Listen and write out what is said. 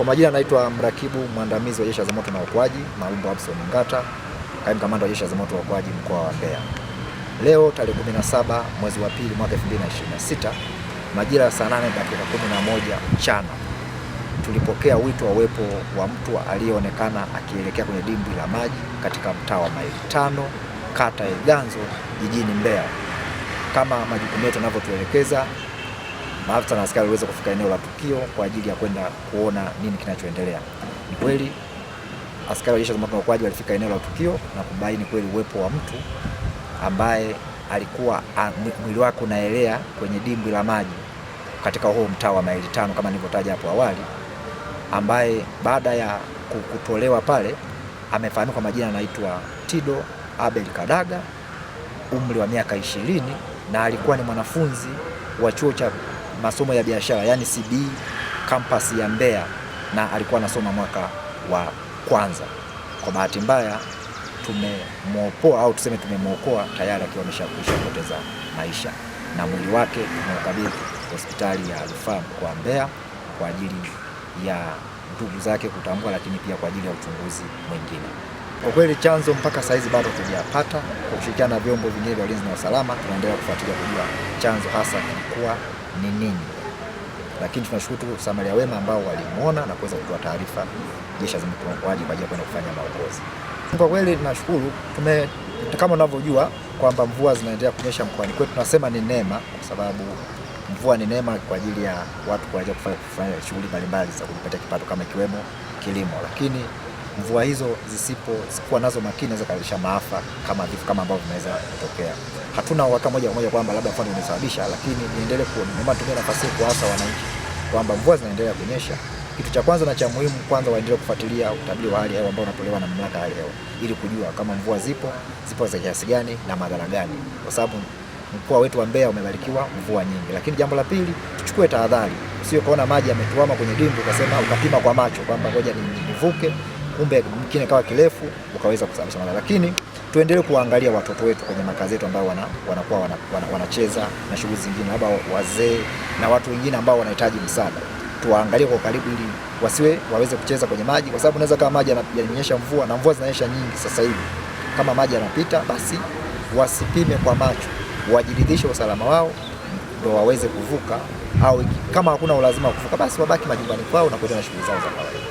Kwa majina naitwa mrakibu mwandamizi wa jeshi la zimamoto na uokoaji maumbo Abson Ngata, kaimu kamanda wa jeshi la zimamoto na uokoaji mkoa wa Mbeya. Leo tarehe 17 mwezi wa pili mwaka 2026 majira ya saa 8 dakika 11 mchana tulipokea wito wa uwepo wa mtu aliyeonekana akielekea kwenye dimbwi la maji katika mtaa wa Maili Tano kata ya Iganzo jijini Mbeya. Kama majukumu yetu yanavyotuelekeza maafisa na askari waweze kufika eneo la tukio kwa ajili ya kwenda kuona nini kinachoendelea. Ni kweli askari wa jeshi la zimamoto na uokoaji walifika eneo la tukio na kubaini kweli uwepo wa mtu ambaye alikuwa mwili wake unaelea kwenye dimbwi la maji katika huo mtaa wa maili tano kama nilivyotaja hapo awali, ambaye baada ya kutolewa pale amefahamika kwa majina anaitwa Tido Abel Kadaga, umri wa miaka ishirini na alikuwa ni mwanafunzi wa chuo cha masomo ya biashara yani cb kampasi ya Mbeya, na alikuwa anasoma mwaka wa kwanza. Kwa bahati mbaya tumemwopoa au tuseme tumemwokoa tayari akiwa ameshakwisha kupoteza maisha, na mwili wake tumeukabidhi hospitali ya rufaa mkoa Mbeya kwa ajili ya ndugu zake kutambua, lakini pia kwa ajili ya uchunguzi mwingine. Kwa kweli chanzo mpaka saizi bado tujapata. Kwa kushirikiana na vyombo vingine vya ulinzi na usalama, tunaendelea kufuatilia kujua chanzo hasa kilikuwa ni nini, lakini tunashukuru Samaria Wema ambao walimwona na kuweza kutoa taarifa jeshi la zimamoto kwa ajili ya kwenda kufanya maokozi. Kwa kweli tunashukuru tume, kama unavyojua kwamba mvua zinaendelea kunyesha mkoani kwetu, tunasema ni neema kwa sababu mvua ni neema kwa ajili ya watu kuweza kufanya shughuli mbalimbali za kujipatia kipato kama ikiwemo kilimo, lakini mvua hizo zisipo sikuwa nazo makini inaweza kusababisha maafa kama vifo kama ambavyo vinaweza kutokea. Hatuna uhakika moja kwa moja kwamba labda mfano umesababisha, lakini niendelee tumia nafasi hii kuasa wananchi kwamba mvua zinaendelea kunyesha. Kitu cha kwanza na cha muhimu, kwanza waendelee kufuatilia utabiri wa hali ya hewa ambao unatolewa na mamlaka ya hali ya hewa ili kujua kama mvua zipo zipo za kiasi gani na madhara gani, kwa sababu mkoa wetu wa Mbeya umebarikiwa mvua nyingi. Lakini jambo la pili, tuchukue tahadhari, usio kaona maji yametuama kwenye dimbwi ukasema ukapima kwa macho kwamba ngoja nivuke kumbe mkine kawa kirefu ukaweza kusababisha madhara. Lakini tuendelee kuangalia watoto wetu kwenye makazi yetu ambao wanakuwa wana, wana, wanacheza na shughuli zingine, labda wazee na watu wengine ambao wanahitaji msaada tuwaangalie kwa karibu ili wasiwe waweze kucheza kwenye maji, kwa sababu naweza kama maji yananyesha mvua na mvua zinanyesha nyingi sasa hivi, kama maji yanapita, basi wasipime kwa macho, wajiridhishe usalama wao ndio waweze kuvuka, au kama hakuna ulazima wa kuvuka, basi wabaki majumbani kwao na kuendelea na shughuli zao za kawaida.